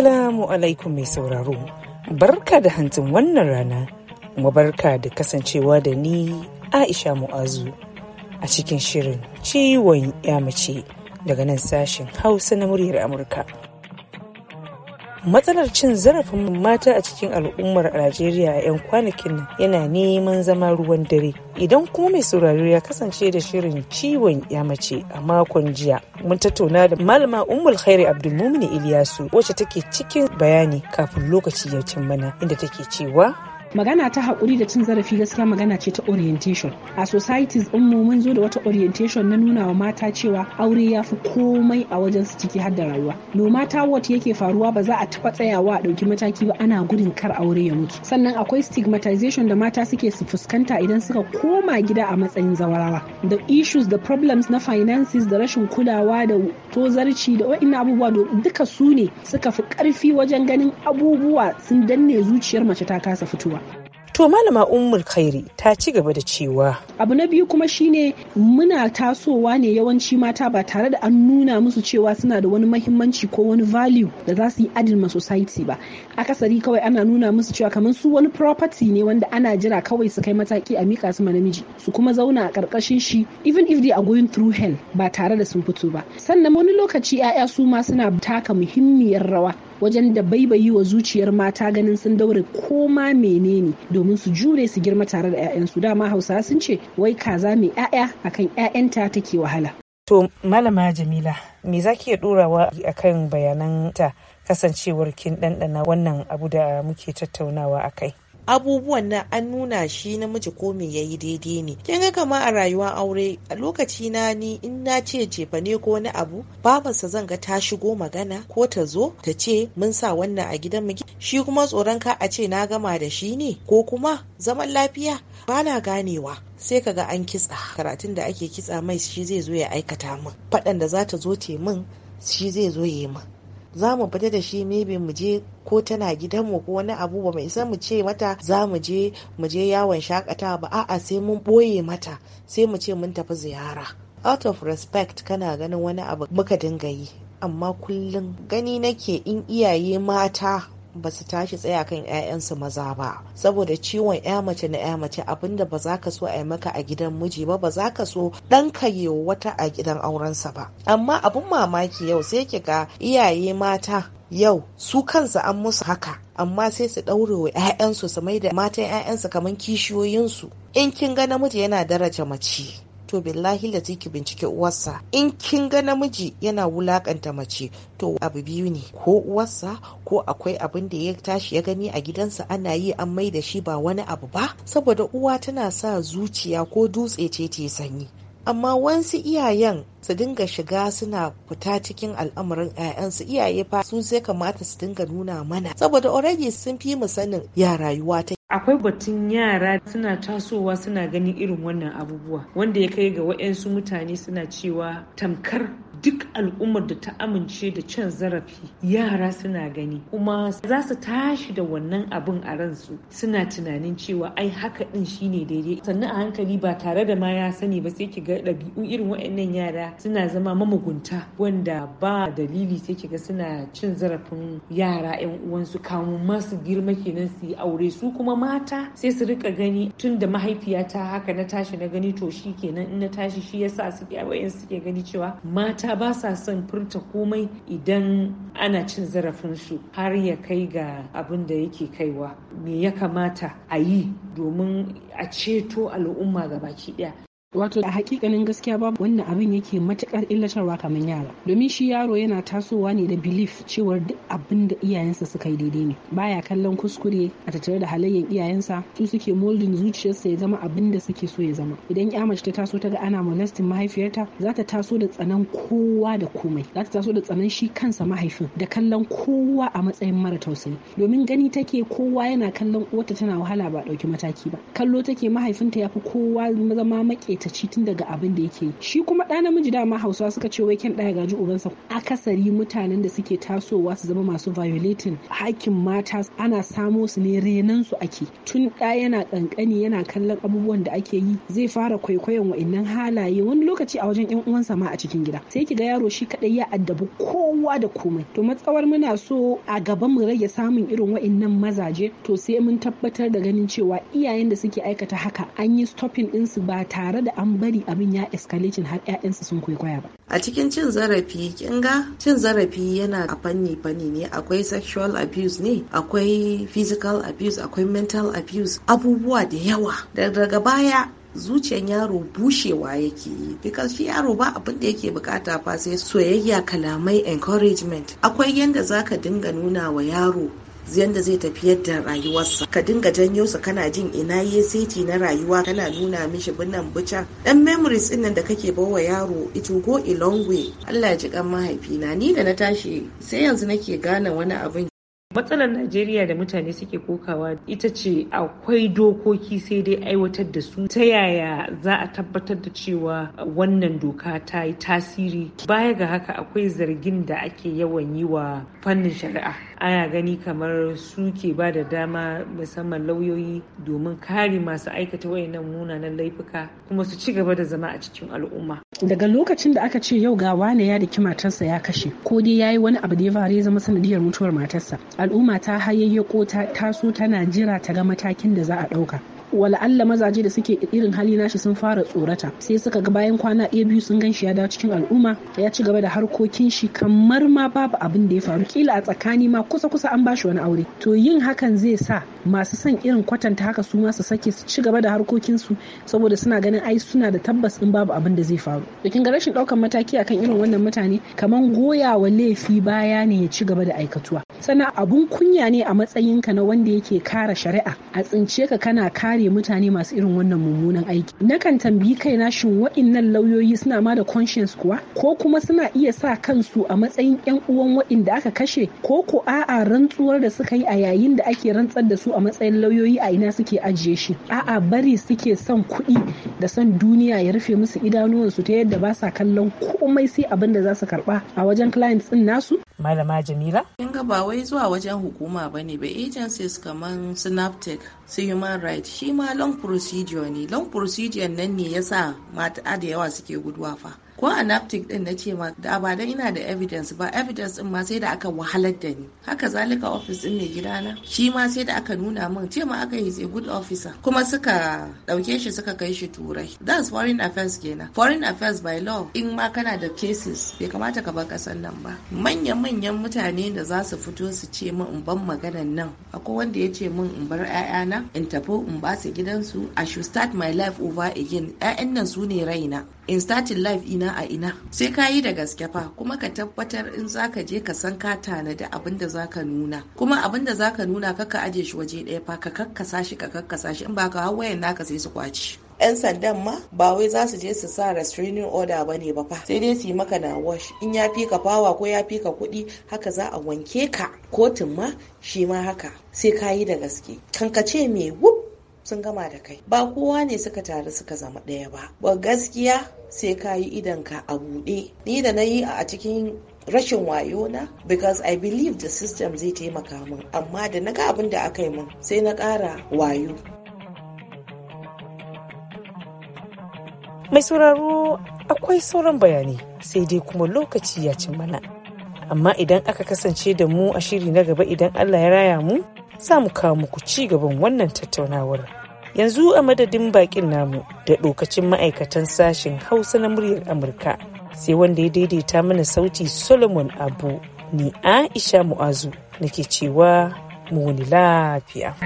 Assalamu alaikum mai sauraro, barka da hantin wannan rana, kuma barka da kasancewa da ni Aisha Mu'azu a cikin shirin ciwon yamace daga nan sashen Hausa na muryar Amurka. matsalar cin zarafin mata a cikin al'ummar najeriya a 'yan kwanakin nan yana neman zama ruwan dare idan kuma mai sauraro ya kasance da shirin ciwon ya mace a makon jiya mun tattauna da malama ummul khairi abdulmumin iliyasu wacce take cikin bayani kafin lokaci ya cin mana inda take cewa magana ta haƙuri da cin zarafi gaskiya magana ce ta orientation a societies din mu mun zo da wata orientation na nuna wa mata cewa aure ya fi komai a wajen su ciki har da rayuwa no mata what yake faruwa ba za a taɓa tsayawa a ɗauki mataki ba ana gudun kar aure ya mutu sannan akwai stigmatization da mata suke su fuskanta idan suka koma gida a matsayin zawarawa da issues da problems na finances da rashin kulawa da tozarci da wa'in abubuwa duka su ne suka fi ƙarfi wajen ganin abubuwa sun danne zuciyar mace ta kasa fitowa To malama Ummul Khairi ta ci gaba da cewa. Abu na biyu kuma shine muna tasowa ne yawanci mata ba tare da an nuna musu cewa suna da wani mahimmanci ko wani value da za su yi adil ma society ba. Akasari kawai ana nuna musu cewa kamar su wani property ne wanda ana jira kawai su kai mataki a mika su ma namiji su kuma zauna a karkashin shi even if they are going through hell ba tare da sun fito ba. Sannan wani lokaci 'ya'ya su ma suna taka muhimmiyar rawa wajen da baibayi wa zuciyar mata ganin sun daure koma menene domin su jure su girma tare da 'ya'yansu dama hausawa sun ce wai kaza mai 'ya'ya akan 'ya'yanta take wahala To Malama Jamila, me za ki iya ɗorawa a kan bayananta kasancewar kin ɗanɗana wannan abu da muke tattaunawa a kai? abubuwan na an nuna shi namiji ko me yayi daidai ne kin ga kama a rayuwar aure a lokaci na ni in na ce jefa ne ko wani abu babarsa zan ga ta shigo magana ko ta zo ta ce mun sa wannan a gidan mu shi kuma tsoron ka a ce na gama da shi ne ko kuma zaman lafiya bana ganewa sai ka ga an kitsa karatun da ake kitsa mai shi zai zo ya aikata min faɗan da za ta zo te min shi zai zo ya yi min za mu fita da shi maybe mu je ko tana gidanmu ko wani abu ba mai san mu ce mata za mu je mu je yawon shakatawa ba a'a sai mun boye mata sai mu ce mun tafi ziyara out of respect kana ganin wani abu muka dinga yi amma kullum gani nake in iyaye mata ba su tashi tsaya kan 'ya'yansu maza ba saboda ciwon 'ya mace na 'ya mace abinda ba za ka so a yi maka a gidan miji ba ba za ka so ɗan yi wata a gidan aurensa ba amma abin mamaki yau sai ki ga iyaye mata yau su kansu an musu haka amma sai su ɗaure wa 'ya'yansu su mai da matan 'ya'yansu kamar kishiyoyinsu in kin ga namiji yana daraja mace to billahi da ki bincike uwarsa in kin ga namiji yana wulakanta mace to abu biyu ne ko uwarsa ko akwai abin da ya tashi ya gani a gidansa ana yi an mai da shi ba wani abu ba saboda uwa tana sa zuciya ko dutse ce ta sanyi amma wansu iyayen su dinga shiga suna fita cikin al'amarin 'ya'yansu iyaye fa su sai kamata su dinga nuna mana saboda already sun fi mu sanin ya rayuwa ta akwai batun yara suna tasowa suna ganin irin wannan abubuwa wanda ya kai ga waɗansu mutane suna cewa tamkar duk al'ummar da ta amince da cin zarafi yara suna gani kuma za su tashi da wannan abin a ransu suna tunanin cewa ai haka din shine daidai sannan a hankali ba tare da ma ya sani ba sai ki ga ɗabi'un irin waɗannan yara suna zama mamugunta wanda ba dalili sai ki ga suna cin zarafin yara 'yan uwansu kamun masu girma kenan su yi aure su kuma mata sai su rika gani tun da mahaifiyata haka na tashi na gani to shi kenan in na tashi shi yasa suke wayan suke gani cewa mata ba sa son furta komai idan ana cin zarafin su har ya kai ga abin da yake kaiwa me ya kamata a yi domin a ceto al'umma ga baki ɗaya? wato a hakikanin gaskiya babu wannan abin yake matukar illatarwa kamar yara domin shi yaro yana tasowa ne da belief cewar duk abin da iyayensa suka yi daidai ne baya kallon kuskure a tattare da halayyar iyayensa su suke molding zuciyarsa ya zama abin da suke so ya zama idan ya mace ta taso ta ga ana molestin mahaifiyarta za ta taso da tsanan kowa da komai za ta taso da tsanan shi kansa mahaifin da kallon kowa a matsayin mara tausayi domin gani take kowa yana kallon uwarta tana wahala ba dauki mataki ba kallo take mahaifinta yafi kowa zama make ma'aikaci tun daga abin da yake shi kuma ɗa namiji dama hausawa suka ce wai kyan ɗaya gaji ubansa akasari mutanen da suke tasowa su zama masu violating hakkin mata ana samo su ne renan su ake tun ɗa yana ƙanƙani yana kallon abubuwan da ake yi zai fara kwaikwayon wa'innan halaye wani lokaci a wajen yan uwansa ma a cikin gida sai ki ga yaro shi kaɗai ya addabi kowa da komai to matsawar muna so a gaba mu rage samun irin wa'innan mazaje to sai mun tabbatar da ganin cewa iyayen da suke aikata haka an yi stopping ɗinsu ba tare da da an bari abin ya escalating har 'ya'yansu sun kwaikwaya ba a cikin cin zarafi ƙinga cin zarafi yana a fanni fanni ne akwai sexual abuse ne akwai physical abuse akwai mental abuse abubuwa da yawa daga baya zuciyan yaro bushewa yake yi because shi yaro ba abin da yake bukata fa sai soyayya kalamai encouragement akwai yanda zaka dinga nuna wa yaro yadda zai tafi yadda rayuwarsa ka dinga janyo sa kana jin ina ya seti na rayuwa kana nuna mishi binnan bica dan memories din nan da kake bawa yaro it will go a long way Allah ya ji kan mahaifina ni da na tashi sai yanzu nake gane wani abin matsalar najeriya da mutane suke kokawa ita ce akwai dokoki sai dai aiwatar da su ta yaya za a tabbatar da cewa wannan doka ta yi tasiri baya ga haka akwai zargin da ake yawan yi wa fannin shari'a ana gani kamar su ke ba da dama musamman lauyoyi domin kare masu aikata wayannan munanan laifuka kuma su ci gaba da zama a cikin al'umma daga lokacin da aka ce yau ga wane ya daki matarsa ya kashe ko dai yayi wani abu da ya faru ya zama sanadiyar mutuwar matarsa al'umma ta hayayyako ta taso tana jira ta ga matakin da za a ɗauka wala'alla mazaje da suke irin hali nashi sun fara tsorata sai suka ga bayan kwana ɗaya biyu sun gan shi ya dawo cikin al'umma ya ci gaba da harkokin shi kamar ma babu abin da ya faru kila a tsakani ma kusa kusa an bashi wani aure to yin hakan zai sa masu son irin kwatanta haka su ma su sake su ci gaba da harkokin su saboda suna ganin ai suna da tabbas in babu abin da zai faru to kin ga rashin ɗaukan mataki akan irin wannan mutane kamar goya wa laifi baya ne ya ci gaba da aikatuwa sannan abun kunya ne a matsayinka na wanda yake kare shari'a a tsince ka kana kare mutane masu irin wannan mummunan aiki nakan tambayi kaina shin wa'innan lauyoyi suna ma da conscience kuwa ko kuma suna iya sa kansu a matsayin yan uwan wa'inda aka kashe ko ko a'a rantsuwar da suka yi a yayin da ake rantsar da su a matsayin lauyoyi a ina suke ajiye shi a'a bari suke son kuɗi da son duniya ya rufe musu idanuwansu ta yadda ba sa kallon komai sai abin da za su karba a wajen clients din nasu malama jamila kin ga ba wai zuwa wajen hukuma ba ne ba agencies kamar synaptic su human rights shi ma long procedure ne long procedure nan ne yasa mata da yawa suke guduwa fa ko anaptic din na ce ma da ba dan ina da evidence ba evidence din ma sai da aka wahalar da ni haka zalika office din ne na? shi ma sai da aka nuna min ce ma aka yi a good officer kuma suka dauke shi suka kai shi turai that's foreign affairs kenan foreign affairs by law in ma kana da cases bai kamata ka bar kasan nan ba manyan manyan mutane da za su fito su ce min in ban maganan nan akwai wanda ya ce min in bar 'ya'yana in tafi in ba su gidansu i should start my life over again 'ya'yan nan su ne raina in starting life ina a ina sai ka yi da gaske fa kuma ka tabbatar in za ka je ka san ka tanadi abin da za ka nuna kuma abin da za ka nuna kaka aje shi waje ɗaya fa ka kakkasa shi ka kakkasa shi in ba ka wayan naka sai su kwaci 'yan sandan ma ba wai za su je su sa restraining order ba ne ba fa sai dai su yi maka na wash in ya fi ka fawa ko ya fi ka kuɗi haka za a wanke ka kotun ma shi ma haka sai ka yi da gaske ce mai wup sun gama da kai ba kowa ne suka taru suka zama ɗaya ba ba gaskiya sai ka yi idanka a buɗe ni da na yi a cikin rashin wayo na because I believe the system zai taimaka min amma da na ga abin da aka yi min sai na ƙara wayo. Mai sauraro akwai sauran bayani sai dai kuma lokaci ya cin mana. Amma idan aka kasance da mu a shiri na gaba idan Allah ya raya mu, za mu kawo muku ci gaban wannan tattaunawar. yanzu a madadin bakin namu da ɗokacin ma'aikatan sashen hausa na muryar amurka sai wanda ya daidaita mana sauti solomon abu ni aisha mu'azu nake cewa mu wani lafiya